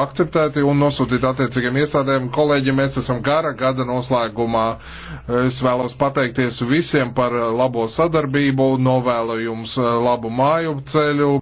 akceptēti un nosūtīti attiecīgiem iestādēm. Kolēģi, mēs esam gara gada noslēgumā. Es vēlos pateikties visiem par labo sadarbību, novēlu jums eh, labu māju ceļu.